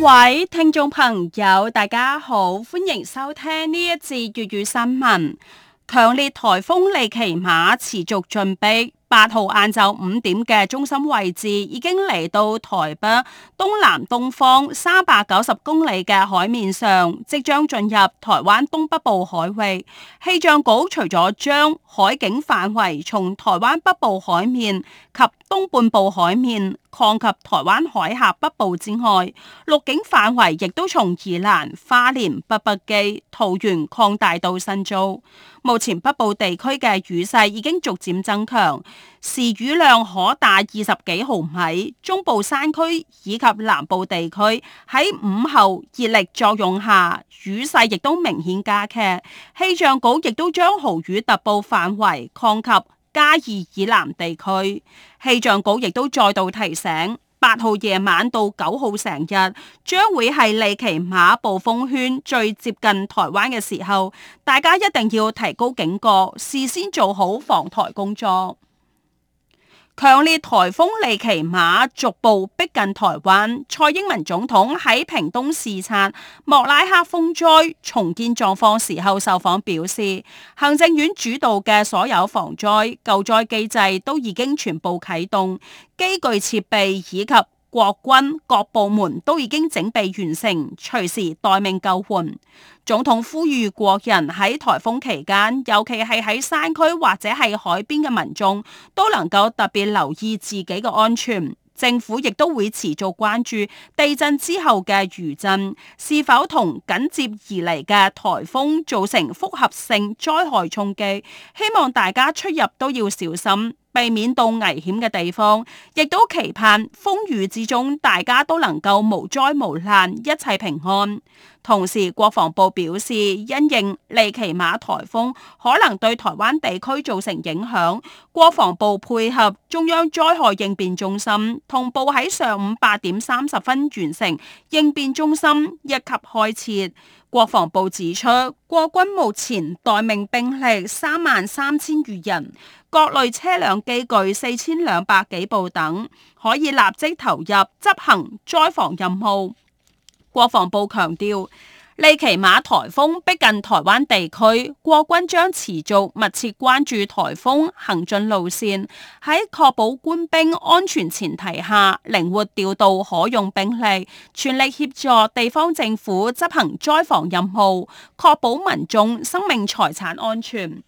各位聽眾朋友，大家好，歡迎收聽呢一次粵語新聞。強烈台風利奇馬持續進逼。八號晏晝五點嘅中心位置已經嚟到台北東南東方三百九十公里嘅海面上，即將進入台灣東北部海域。氣象局除咗將海警範圍從台灣北部海面及東半部海面擴及台灣海峽北部之外，陸警範圍亦都從宜蘭、花蓮、北北基、桃園擴大到新竹。目前北部地區嘅雨勢已經逐漸增強。時雨量可達二十幾毫米，中部山區以及南部地區喺午後熱力作用下，雨勢亦都明顯加劇。氣象局亦都將豪雨特報範圍擴及嘉義以南地區。氣象局亦都再度提醒，八號夜晚到九號成日將會係利奇馬暴風圈最接近台灣嘅時候，大家一定要提高警覺，事先做好防台工作。強烈颱風利奇馬逐步逼近台灣，蔡英文總統喺屏東視察莫拉克風災重建狀況時候受訪表示，行政院主導嘅所有防災救災機制都已經全部啟動，機具設備以及國軍各部門都已經整備完成，隨時待命救援。總統呼籲國人喺台風期間，尤其係喺山區或者係海邊嘅民眾，都能夠特別留意自己嘅安全。政府亦都會持續關注地震之後嘅餘震是否同緊接而嚟嘅台風造成複合性災害衝擊。希望大家出入都要小心。避免到危險嘅地方，亦都期盼風雨之中，大家都能夠無災無難，一切平安。同時，國防部表示，因應利奇馬颱風可能對台灣地區造成影響，國防部配合中央災害應變中心，同步喺上午八點三十分完成應變中心一級開設。國防部指出，國軍目前待命兵力三萬三千餘人，各類車輛機具四千兩百幾部等，可以立即投入執行災防任務。國防部強調，利奇馬颱風逼近台灣地區，國軍將持續密切關注颱風行進路線，喺確保官兵安全前提下，靈活調度可用兵力，全力協助地方政府執行災防任務，確保民眾生命財產安全。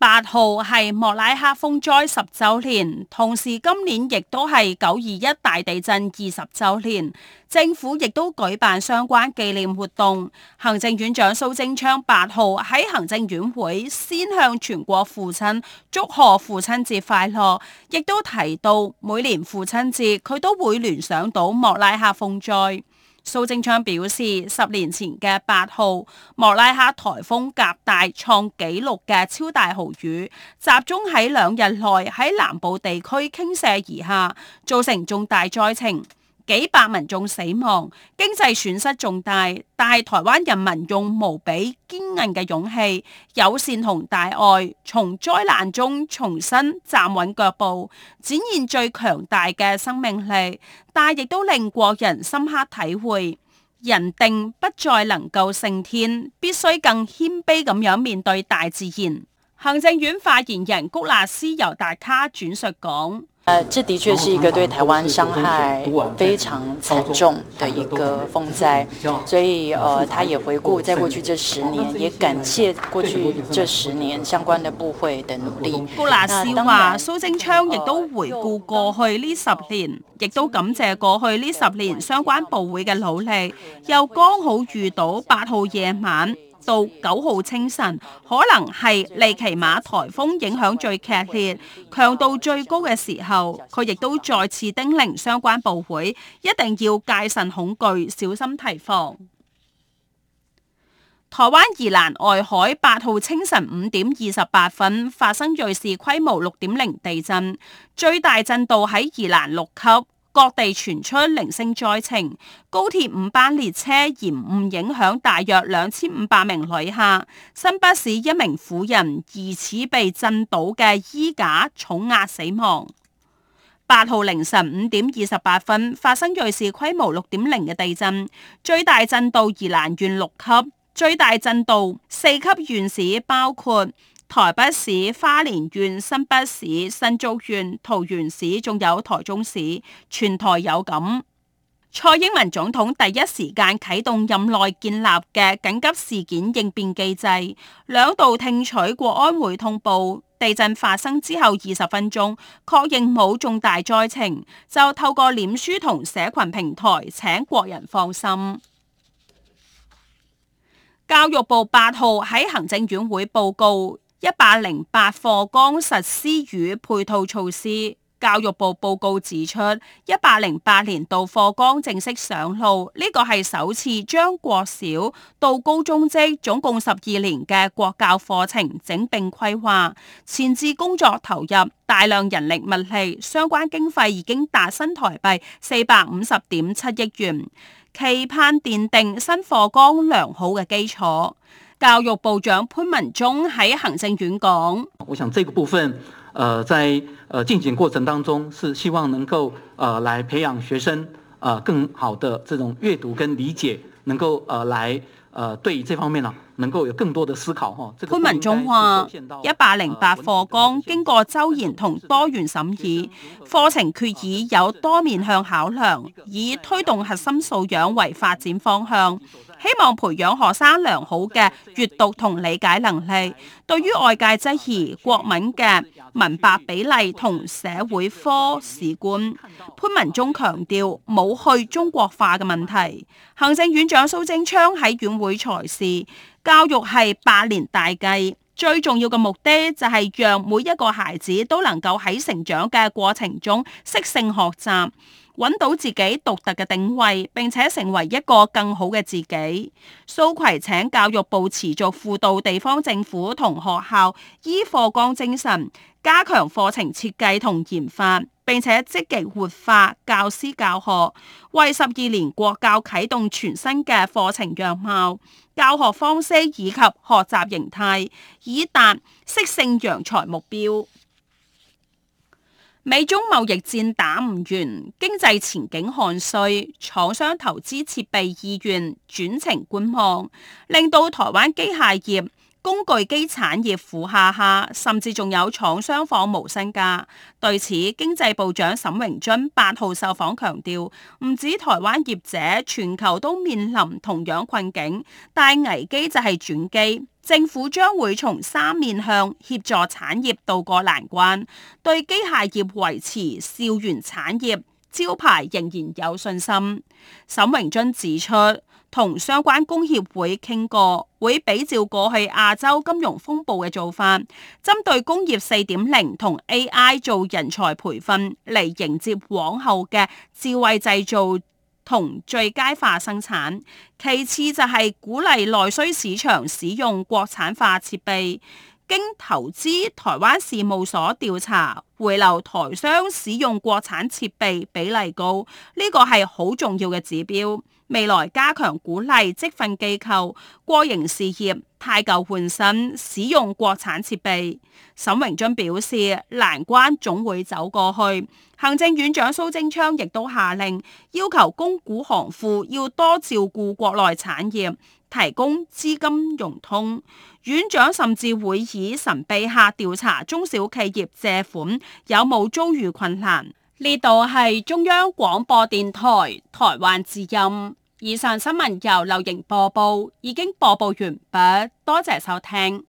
八號係莫拉克風災十周年，同時今年亦都係九二一大地震二十周年，政府亦都舉辦相關紀念活動。行政院長蘇貞昌八號喺行政院會先向全國父親祝賀父親節快樂，亦都提到每年父親節佢都會聯想到莫拉克風災。蘇貞昌表示，十年前嘅八號莫拉克台風夾帶創紀錄嘅超大豪雨，集中喺兩日內喺南部地區傾瀉而下，造成重大災情。幾百民眾死亡，經濟損失重大，但係台灣人民用無比堅韌嘅勇氣、友善同大愛，從災難中重新站穩腳步，展現最強大嘅生命力。但亦都令國人深刻體會，人定不再能夠勝天，必須更謙卑咁樣面對大自然。行政院發言人谷辣斯‧尤達卡轉述講。啊、呃，這的確是一個對台灣傷害非常慘重的一個風災，所以、呃，他也回顧在過去這十年，也感謝過去這十年相關的部會的努力。嗱，是話蘇貞昌亦都回顧過去呢十年，亦都感謝過去呢十年相關部會嘅努力，又剛好遇到八號夜晚，到九號清晨，可能係利奇馬颱風影響最劇烈、強度最高嘅時候。佢亦都再次叮嚀相關部會一定要戒慎恐懼，小心提防。台灣宜蘭外海八號清晨五點二十八分發生芮氏規模六點零地震，最大震度喺宜蘭六級。各地傳出零星災情，高鐵五班列車延誤影響大約兩千五百名旅客。新北市一名婦人疑似被震倒嘅衣架重壓死亡。八號凌晨五點二十八分發生芮氏規模六點零嘅地震，最大震度宜蘭縣六級，最大震度四級縣市包括。台北市、花蓮縣、新北市、新竹縣、桃園市、仲有台中市，全台有感。蔡英文總統第一時間啟動任內建立嘅緊急事件應變機制，兩度聽取國安會通報，地震發生之後二十分鐘，確認冇重大災情，就透過臉書同社群平台，請國人放心。教育部八號喺行政院會報告。一百零八課綱實施與配套措施，教育部報告指出，一百零八年度課綱正式上路，呢個係首次將國小到高中職總共十二年嘅國教課程整併規劃，前置工作投入大量人力物力，相關經費已經達新台幣四百五十點七億元，期盼奠定新課綱良好嘅基礎。教育部長潘文忠喺行政院講：我想這個部分，在誒進行過程當中，是希望能夠誒來培養學生，更好的這種閱讀跟理解，能夠誒來誒對這方面能夠有更多的思考。這個，潘文忠話：一百零八課綱經過周延同多元審議，課程決議有多面向考量，以推動核心素養為發展方向。希望培養學生良好嘅閱讀同理解能力。對於外界質疑國文嘅文白比例同社會科史觀，潘文忠強調冇去中國化嘅問題。行政院長蘇貞昌喺院會裁示，教育係百年大計。最重要嘅目的就係讓每一個孩子都能夠喺成長嘅過程中適性學習，揾到自己獨特嘅定位，並且成為一個更好嘅自己。蘇揆請教育部持續輔導地方政府同學校依課綱精神，加強課程設計同研發。並且積極活化教師教學，為十二年國教啟動全新嘅課程樣貌、教學方式以及學習形態，以達適性揚才目標。美中貿易戰打唔完，經濟前景看衰，廠商投資設備意願轉呈觀望，令到台灣機械業。工具機產業苦哈哈，甚至仲有廠商放無薪假。對此，經濟部長沈榮津八號受訪強調，唔止台灣業者，全球都面臨同樣困境。但危機就係轉機，政府將會從三面向協助產業渡過難關。對機械業維持少元產業招牌仍然有信心。沈榮津指出，同相關工協會傾過，會比照過去亞洲金融風暴嘅做法，針對工業四點零同 AI 做人才培訓嚟迎接往後嘅智慧製造同最佳化生產。其次就係鼓勵內需市場使用國產化設備。經投資台灣事務所調查，回流台商使用國產設備比例高，呢、這個係好重要嘅指標。未來加強鼓勵積分機構、國營事業。汰舊換新，使用國產設備。沈榮津表示，難關總會走過去。行政院長蘇貞昌亦都下令，要求公股行庫要多照顧國內產業，提供資金融通。院長甚至會以神秘客調查中小企業借款有冇遭遇困難。呢度係中央廣播電台台灣之音。以上新聞由流盈播報，已經播報完畢，多謝收聽。